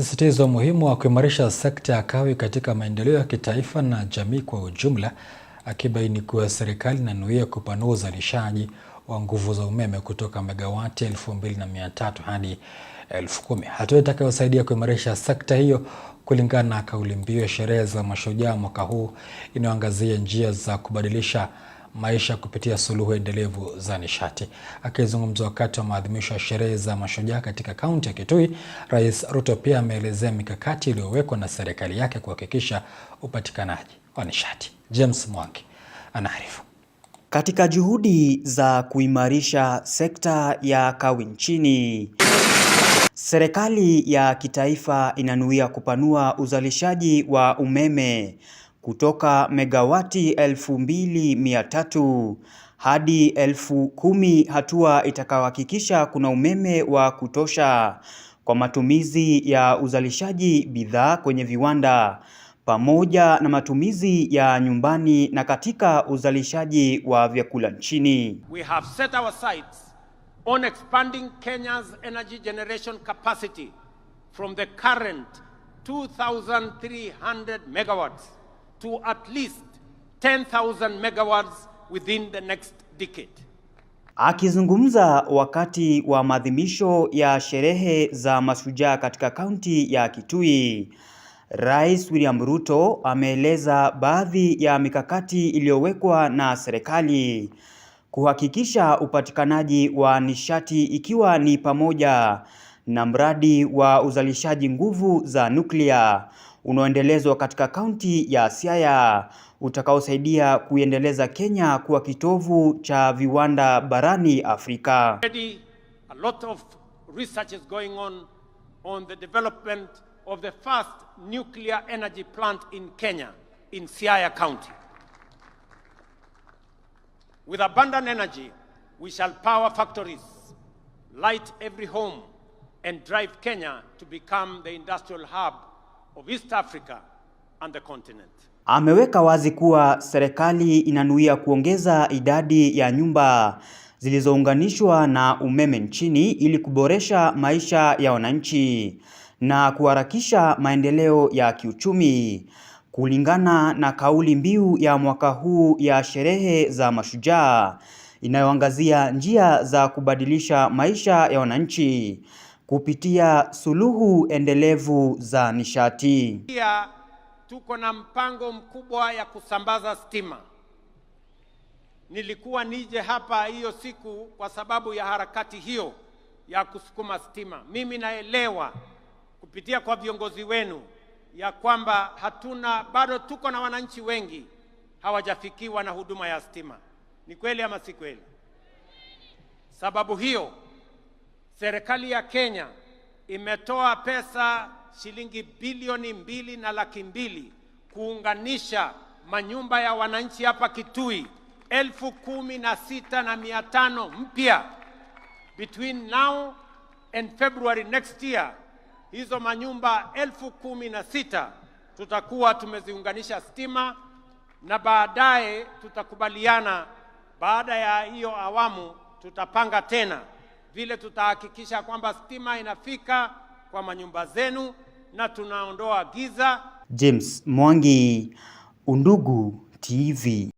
msisitizo umuhimu wa kuimarisha sekta ya kawi katika maendeleo ya kitaifa na jamii kwa ujumla, akibaini kuwa serikali inanuia kupanua uzalishaji wa nguvu za umeme kutoka megawati 2300 hadi 10,000, hatua itakayosaidia kuimarisha sekta hiyo kulingana na kauli mbiu ya sherehe za mashujaa mwaka huu inayoangazia njia za kubadilisha maisha kupitia suluhu endelevu za nishati. Akizungumza wakati wa maadhimisho ya sherehe za mashujaa katika kaunti ya Kitui, Rais Ruto pia ameelezea mikakati iliyowekwa na serikali yake kuhakikisha upatikanaji wa nishati. James Mwangi anaarifu. Katika juhudi za kuimarisha sekta ya kawi nchini, serikali ya kitaifa inanuia kupanua uzalishaji wa umeme kutoka megawati 2300 hadi elfu kumi, hatua itakayohakikisha kuna umeme wa kutosha kwa matumizi ya uzalishaji bidhaa kwenye viwanda pamoja na matumizi ya nyumbani na katika uzalishaji wa vyakula nchini. We have set our sights on expanding Kenya's energy generation capacity from the current 2300 megawatts to at least 10,000 megawatts within the next decade. Akizungumza wakati wa maadhimisho ya sherehe za mashujaa katika kaunti ya Kitui, Rais William Ruto ameeleza baadhi ya mikakati iliyowekwa na serikali kuhakikisha upatikanaji wa nishati ikiwa ni pamoja na mradi wa uzalishaji nguvu za nuklia unaoendelezwa katika kaunti ya Siaya utakaosaidia kuiendeleza Kenya kuwa kitovu cha viwanda barani Afrika. A lot of research is going on on the development of the first nuclear energy plant in Kenya in Siaya County. With abundant energy, we shall power factories, light every home, and drive Kenya to become the industrial hub of East Africa and the continent. Ameweka wazi kuwa serikali inanuia kuongeza idadi ya nyumba zilizounganishwa na umeme nchini ili kuboresha maisha ya wananchi na kuharakisha maendeleo ya kiuchumi. Kulingana na kauli mbiu ya mwaka huu ya sherehe za mashujaa inayoangazia njia za kubadilisha maisha ya wananchi kupitia suluhu endelevu za nishati. Pia tuko na mpango mkubwa ya kusambaza stima. Nilikuwa nije hapa hiyo siku kwa sababu ya harakati hiyo ya kusukuma stima. Mimi naelewa kupitia kwa viongozi wenu ya kwamba hatuna bado, tuko na wananchi wengi hawajafikiwa na huduma ya stima. Ni kweli ama si kweli? Sababu hiyo serikali ya Kenya imetoa pesa shilingi bilioni mbili na laki mbili kuunganisha manyumba ya wananchi hapa Kitui elfu kumi na sita na mia tano mpya between now and February next year. Hizo manyumba elfu kumi na sita tutakuwa tumeziunganisha stima, na baadaye tutakubaliana, baada ya hiyo awamu tutapanga tena vile tutahakikisha kwamba stima inafika kwa manyumba zenu na tunaondoa giza. James Mwangi, Undugu TV.